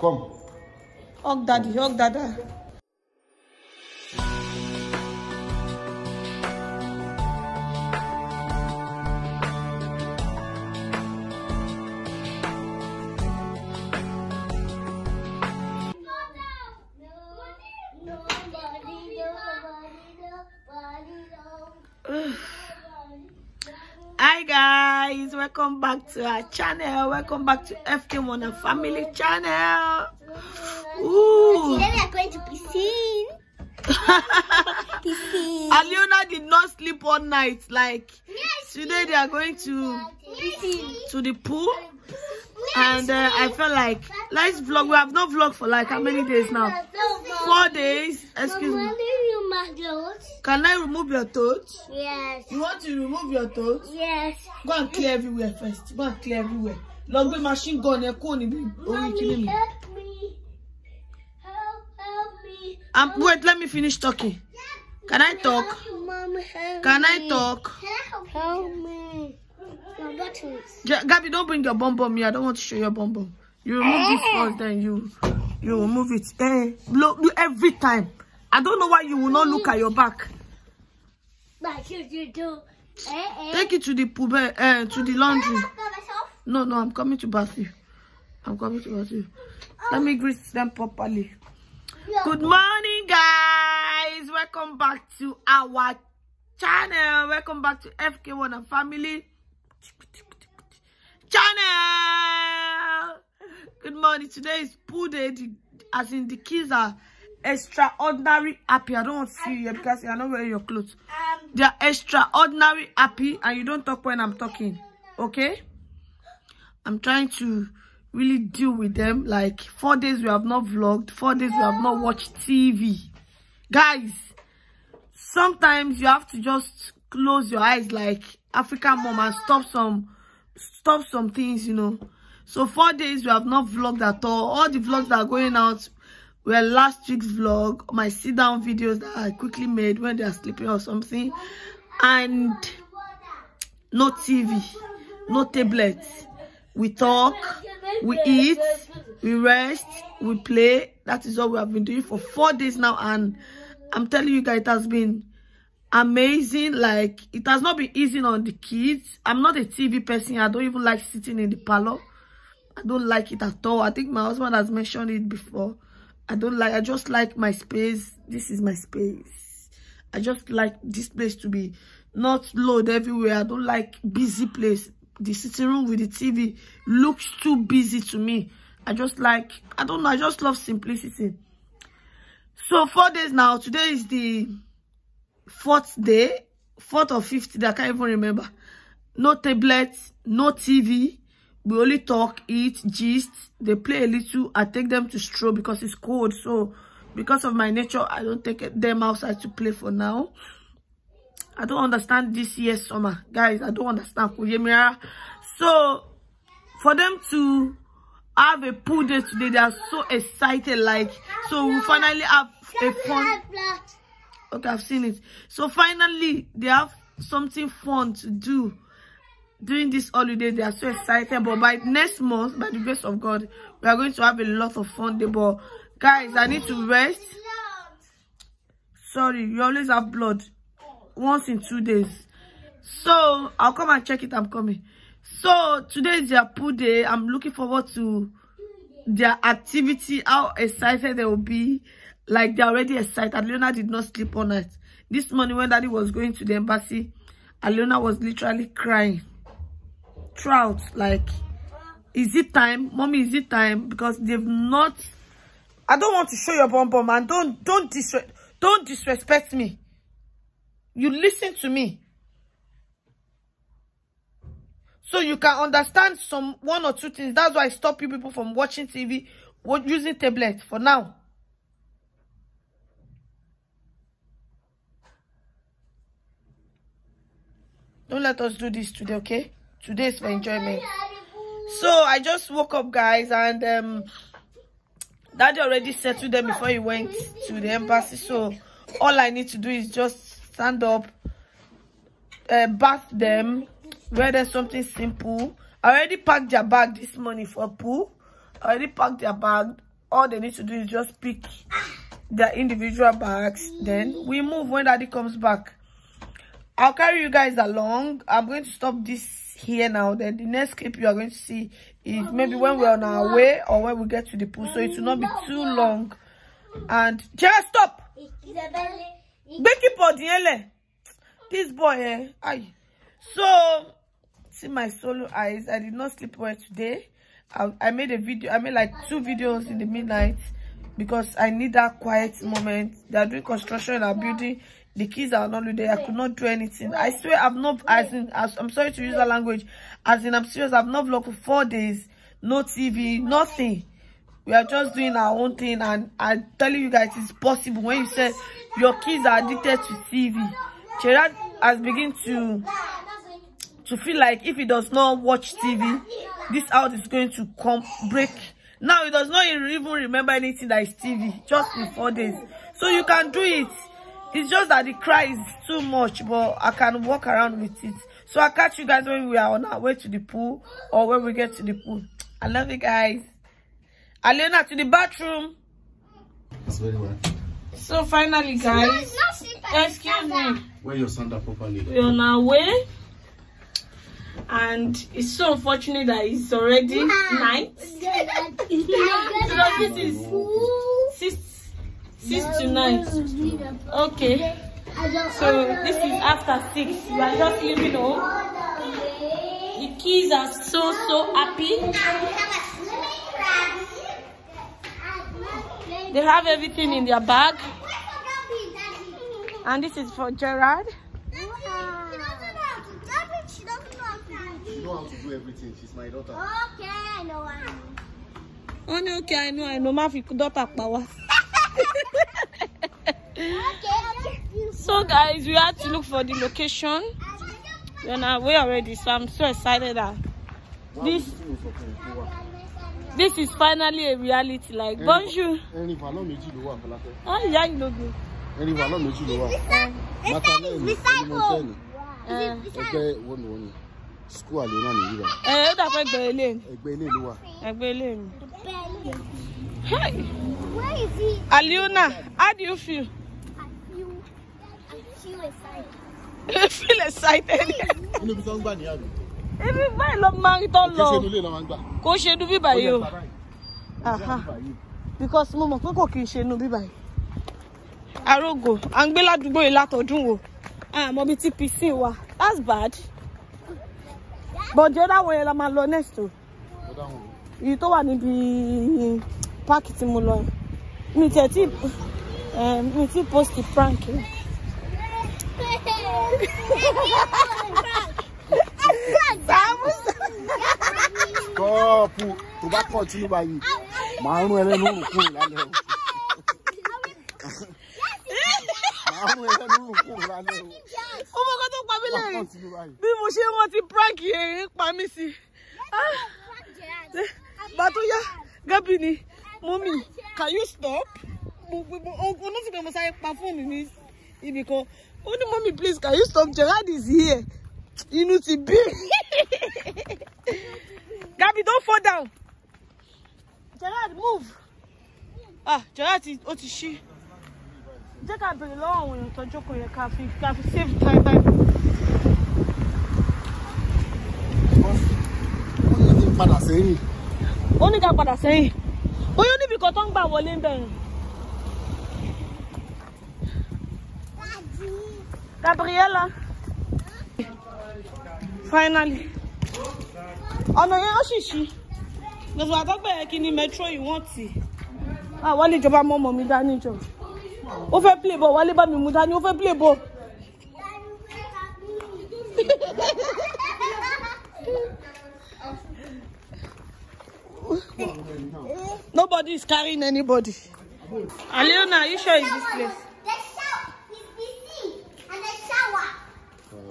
Come. Og daddy, og dada. welcome back to our channel welcome back to fk Mona family channel Ooh. today we are going to be seen Aliona did not sleep all night. Like today they are going to to the pool. And uh, I felt like let's vlog. We have not vlogged for like how many days now? Four days. Excuse me. Can I remove your toes? Yes. You want to remove your toes? Yes. Go and clear everywhere first. Go and clear everywhere. Log machine gun. You're me. Um, wait, let me finish talking. Can I talk? Can I talk? Help me. Your buttons. Yeah, Gabby, don't bring your bum bum here. I don't want to show your bum bum. You remove this eh. first, then you you remove it. Hey, eh, look, every time. I don't know why you will not look at your back. do. Take it to the pube, eh, eh, to the laundry. No, no, I'm coming to bath you. I'm coming to bath you. Let me greet them properly. Good morning welcome back to our channel welcome back to fk1 and family channel good morning today is pool day as in the kids are extraordinary happy i don't want to see you because you are not wearing your clothes um, they are extraordinary happy and you don't talk when i'm talking okay i'm trying to really deal with them like four days we have not vlogged four days we have not watched tv guys sometimes you have to just close your eyes like african mom and stop some stop some things you know so four days we have not vlogged at all all the vlogs that are going out were last week's vlog my sit down videos that i quickly made when they are sleeping or something and no tv no tablets we talk we eat we rest we play that is what we have been doing for four days now and I'm telling you guys, it has been amazing. Like, it has not been easy on the kids. I'm not a TV person. I don't even like sitting in the parlor. I don't like it at all. I think my husband has mentioned it before. I don't like, I just like my space. This is my space. I just like this place to be not load everywhere. I don't like busy place. The sitting room with the TV looks too busy to me. I just like, I don't know, I just love simplicity. So four days now. Today is the fourth day, fourth or fifth day. I can't even remember. No tablets, no TV. We only talk, eat, gist. They play a little. I take them to stroll because it's cold. So because of my nature, I don't take them outside to play for now. I don't understand this year's summer. Guys, I don't understand. So, for them to I have a pool day today. They are so excited. Like, so we finally have a fun. Okay, I've seen it. So finally, they have something fun to do during this holiday. They are so excited. But by next month, by the grace of God, we are going to have a lot of fun day. But guys, I need to rest. Sorry, you always have blood once in two days. So I'll come and check it. I'm coming. So today is their pool day. I'm looking forward to their activity, how excited they will be. Like they're already excited. Leona did not sleep all night. This morning when daddy was going to the embassy, Alona was literally crying. Trout, like, is it time? Mommy, is it time? Because they've not... I don't want to show your bum bum, man. Don't, don't, disre don't disrespect me. You listen to me. So you can understand some one or two things. That's why I stop you people from watching TV, using tablets for now. Don't let us do this today, okay? Today is for enjoyment. So I just woke up, guys, and um, Daddy already settled them before he went to the embassy. So all I need to do is just stand up, uh, bath them, there's something simple i already packed their bag this morning for pool i already packed their bag all they need to do is just pick their individual bags then we move when daddy comes back i'll carry you guys along i'm going to stop this here now then the next clip you are going to see is maybe when we're on our way or when we get to the pool so it will not be too long and just stop Becky Podiele. This boy, eh? Aye. So see my solo eyes i did not sleep well today I, I, made a video i made like two videos in the midnight because i need that quiet moment they are doing construction and building the kids are not there i could not do anything i swear i've not as in as, i'm sorry to use that language as in i'm serious i've not vlogged for four days no tv nothing we are just doing our own thing and i'm telling you guys it's possible when you said your kids are addicted to tv Gerard has begin to to feel like if he does not watch tv this house is going to come break now he does not even remember anything that is tv just in four days so you can do it it's just that the cry is too much but i can walk around with it so i'll catch you guys when we are on our way to the pool or when we get to the pool i love you guys alena to the bathroom That's very well so finally guys excuse me wear your sander properly you're on our way and it's so unfortunate that it's already night So this is six six to nine okay so this is after six you are just leaving home the kids are so so happy they have everything in their bag and this is for gerard wow. know how to do everything. She's my daughter. Okay, I know I know. Only okay, I know I know. My daughter power. so guys, we had to look for the location. We're on our way already, so I'm so excited that this this is finally a reality. Like bonjour. Oh yeah, you know. ẹni wà náà méjì ló wà school àlè náà nìyí rẹ. ẹ ó dàpọ̀ ẹgbẹ́ ilé ni. ẹgbẹ́ ilé ló wà. ẹgbẹ́ ilé ni. Where is he? Aliuna, how do you feel? I feel, I feel excited. You feel excited? Inú ibi tó ń gbà ní àná. Ibi báyìí ló máa ń tán lọ. Kò ṣe inú ilé ló o. Because mo mọ̀ pé kò kì í ṣe inú bíbà yìí. Arógo, à ń gbé ládùúgbò yìí látọdún wo. Àmọ́ bíi TPC wa, that's bad but the other one yẹn la máa lọ next to èyí tó wà níbi páàkì tí mo lọ mi tẹ̀ tí eh, mi tí post prank yẹn. tó bá kọ̀ tí nígbà yìí màá rún ẹlẹ́nu òrùn kúrò lálẹ́ o rún ẹlẹ́nu òrùn kúrò lálẹ́ ó mọ́ kọ́ tó pa mí lẹ́yìn bí mo ṣe wọ́n ti prank yẹn pa mí sí i ah, bá tó yá ni mọ́mí can you stop ogun ló fi pé mo sáré pa fóònù ní ibì kan ó ní mọ́mí please can you stop Gerard is here inú ti bí Gabby don't fall down Gerard move ah Gerard ó ti ṣí jẹ́ ká béèrè lọ́wọ́ àwọn èèyàn tó jókòó yẹn ká fi ká fi save time by. ó ní kí n padà sẹ́yìn. ó ní ká padà sẹ́yìn bóyá níbi kan tó ń gbà wọlé ń bẹ̀rẹ̀. Gabriela finally ọ̀nà yẹn ó sì ṣí gbèsè àtọ́gbẹ̀yẹ kí ni metro yìí wọ́n tì àwọn ah, ìjọba mọ́ mọ́ mi dání jọ ó fẹ́ play ball wálé bá mi mú dání ó fẹ́ play ball. Nobody is carrying anybody. Aliona, are you sure it's this place?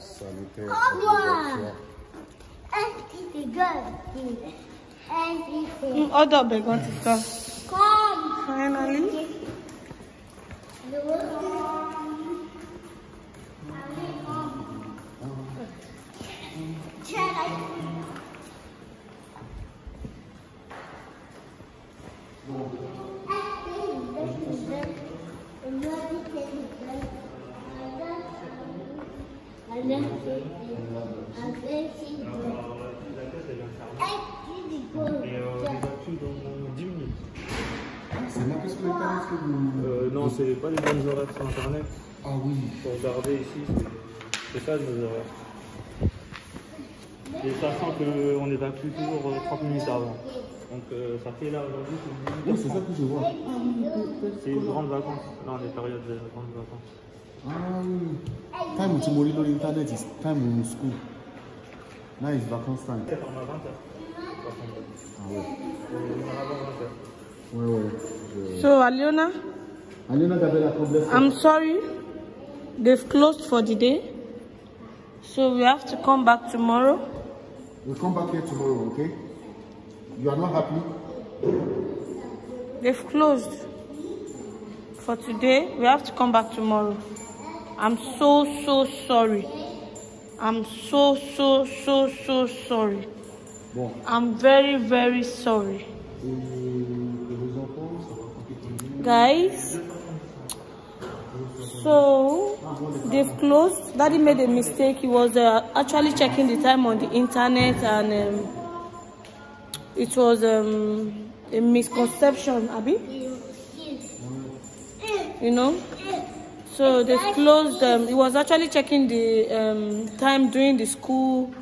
sanitary. Everything. Everything. All the begun mm, to stop. Come. Finally. dans Euh, non, c'est pas les bonnes horaires sur internet. Ah oui. Pour regarder ici, c'est ça bonnes horaires. Et sachant qu'on est toujours 30 euh, minutes avant. Donc euh, ça fait là aujourd'hui. c'est ça que je vois. C'est une grande vacance. là on est période de grande vacances. Um, time to Internet is time in school. Now vacances time. Ah, euh, so, Aliona? Aliona, I'm sorry. They've closed for the day. So we have to come back tomorrow. We'll come back here tomorrow, okay? You are not happy? They've closed. For today, we have to come back tomorrow. I'm so, so sorry. I'm so, so, so, so sorry. Bon. I'm very, very sorry. Guys, so they've closed. Daddy made a mistake. He was uh, actually checking the time on the internet and... Um, it was um, a misconception, Abby. You know? So they closed, um, it was actually checking the um, time during the school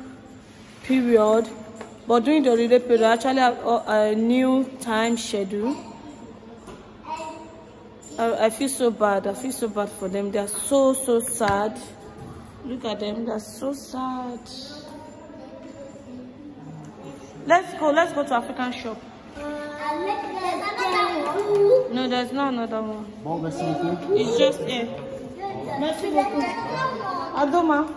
period, but during the holiday period, actually a, uh, a new time schedule. I, I feel so bad. I feel so bad for them. They are so, so sad. Look at them. They are so sad. Let's go. Let's go to African shop. No, there's not another one. It's just it. Adoma.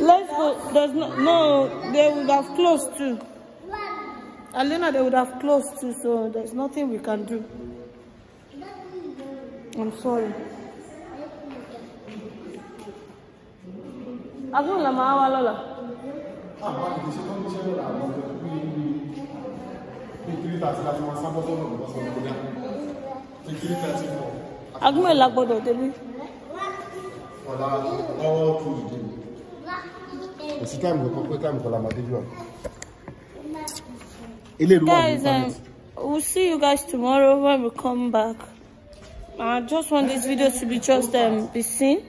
Let's go. There's no. No, they would have closed too. Alina, they would have closed too, so there's nothing we can do. I'm sorry. Azul, la mala, la. àwọn àgbèsè tó ń gbéṣẹ́ lọ́la àwọn ọ̀dọ́ tó kúrò ní kékeré tàti láti máa sábọ́ sọ́nà lọ́sọ̀ lọ́dá kékeré tàti pọ̀. agbọ́n ìlà gbọ́dọ̀ débi. ọ̀la ọwọ́ tó ìdè kò sí táìmù kankan pé táìmù kan la máa débi wà. ilé ìlú wà Guys, um, we'll see you guys tomorrow when we come back. I just want this video to be just um be seen.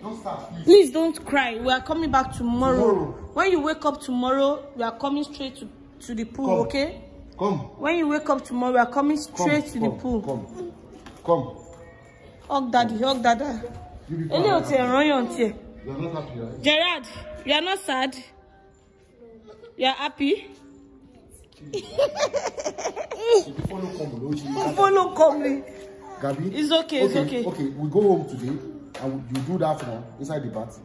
Please don't cry. We are coming back tomorrow. tomorrow. When you wake up tomorrow, we are coming straight to, to the pool, come. okay? Come. When you wake up tomorrow, we are coming straight come, to come, the pool. Come. Come. Hug daddy, hug dada. Ele o te ran yan You are not happy, right? Gerard, you are not sad. You are happy. Follow come, follow come. Gabi? It's okay, okay, it's okay. Okay, we go home today and you do that now inside the bath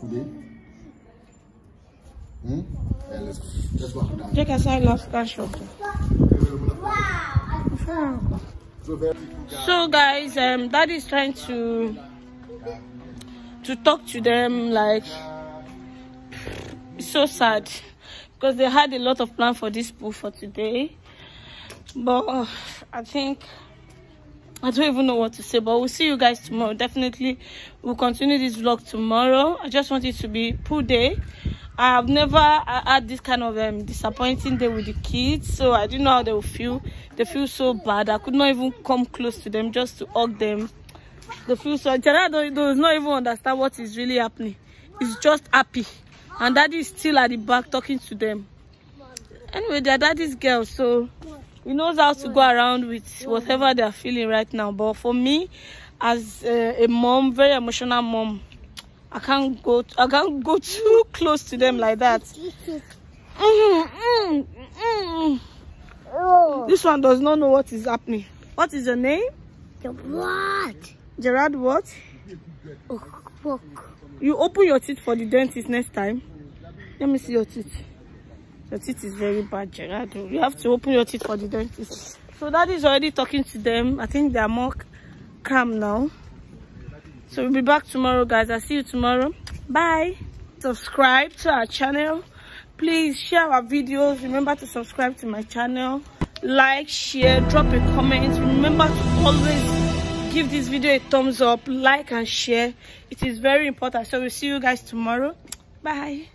today. Hmm? Yeah, let's go. Let's go. Take aside last cash Wow. wow. So guys, um Dad is trying to to talk to them like it's so sad because they had a lot of plan for this pool for today. But uh, I think I don't even know what to say, but we'll see you guys tomorrow. Definitely, we'll continue this vlog tomorrow. I just want it to be pool day. I have never had this kind of um, disappointing day with the kids, so I didn't know how they will feel. They feel so bad. I could not even come close to them just to hug them. They feel so. Gerard does not even understand what is really happening. He's just happy, and Daddy is still at the back talking to them. Anyway, their daddy's girl, so he knows how to go around with whatever they're feeling right now but for me as a, a mom very emotional mom i can't go i can't go too close to them like that this one does not know what is happening what is your name what gerard what oh, you open your teeth for the dentist next time let me see your teeth your teeth is very bad, Gerardo. You have to open your teeth for the dentist. So daddy's already talking to them. I think they are more calm now. So we'll be back tomorrow, guys. I'll see you tomorrow. Bye. Subscribe to our channel. Please share our videos. Remember to subscribe to my channel. Like, share, drop a comment. Remember to always give this video a thumbs up, like and share. It is very important. So we'll see you guys tomorrow. Bye.